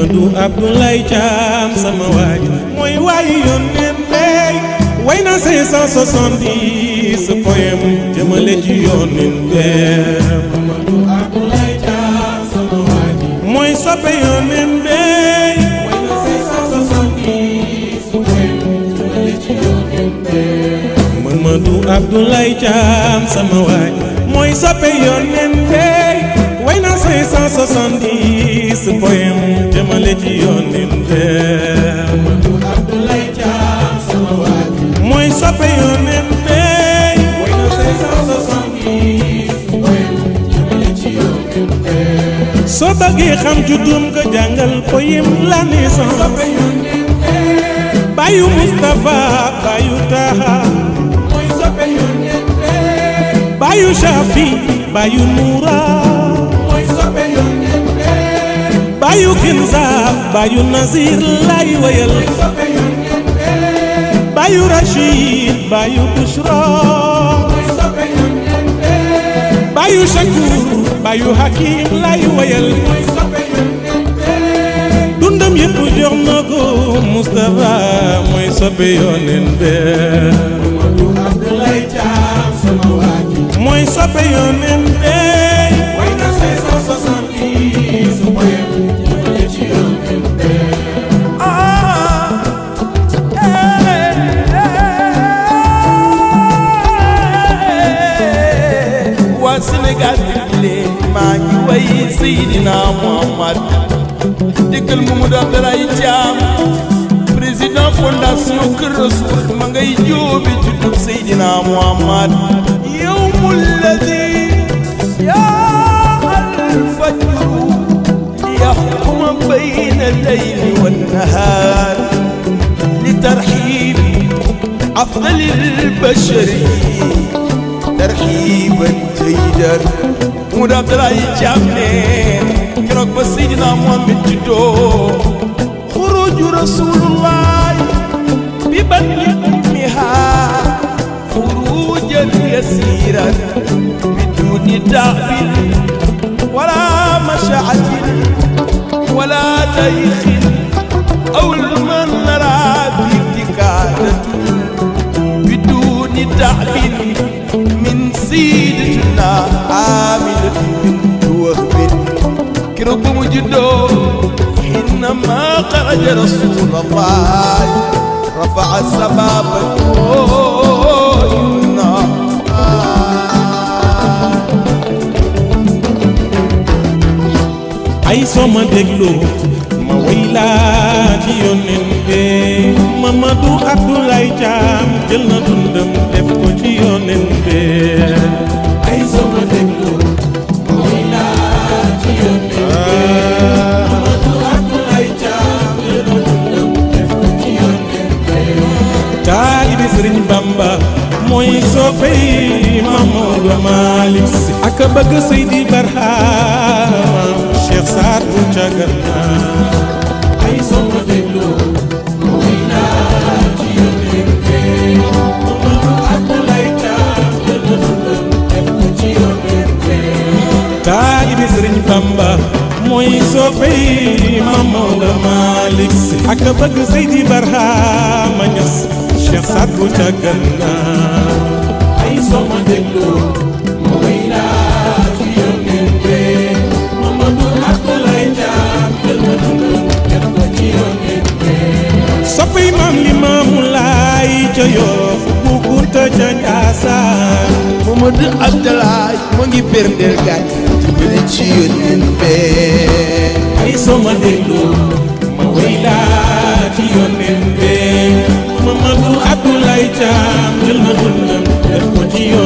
Modou Abdoulaye Thiam sama waay mooy waayu yónneen tey way na 570 poème jëmale ci yónneen tey Modou Abdoulaye Thiam sama waay mooy soppe yónneen tey way na 570 poème jëmale ci yónneen tey Modou Abdoulaye Thiam sama waay mooy soppe yónneen tey way na 570 poème bëggee xam juddum nga jàngal ko yim la naissance bàyyu Mustapha bàyyu Taha bàyyu Shafi bàyyu Noura bàyyu Kinza bàyyu Nazir lay wayal bàyyu hakim lay wayal mooy soppe dundam yëpp jox na ko Moustapha mooy soppe yoonen be mooy soppe yoonen be Sénégal lee maa ngi way Seydina Muhammad dëkkal Mamadou Abdoulaye Thiam président fondation Kër Rasoul ma ngay jóobe juddub Seydina Muhammad yawmul ladi yaa al-fajru liyahkuma bayna al-layli wan-nahaar li tarhiibi afdalil bashari tarhiiban jaydan Mamadou Abdoulaye Thiam ne keroog ba Seydina Muhammad juddoo xuruju rasulullahi bi bani ummiha xurujan yasiran bi duni taabin wala mashaatin wala dayxin aw lmanara bi dikaatatun bi duni taabin Sayyidatuna Aminatu bintu Wahbin keroog ba mu juddoo حينما خرج رسول الله رفع سبابته ay soma dégloo ma woy laa ci yónneen be Mamadou Abdoulaye Thiam jël na dundam soppey muy naa ci yóbbente Mamadou Abdoulaye Tall la dundam def ko ci yóbbente taalibi Sëriñ Bamba mooy soppey Maam Maodo Malick Si ak Cheikh Sadou ca gannaaw ay sama dégloo ma wéy laa ci yónneen be Mamadou Abdoulaye Thiam jël ma dundam def ko ci yónneen be soppay maam li maamu laay ca Yoff bu Kunta ca Njaasaan Mamadou Abdoulaye mu ngi berndeel gaaj ci bëri ci yónneen be ma wéy laa ci yónneen ay caam jël na dundam def ko ci yoon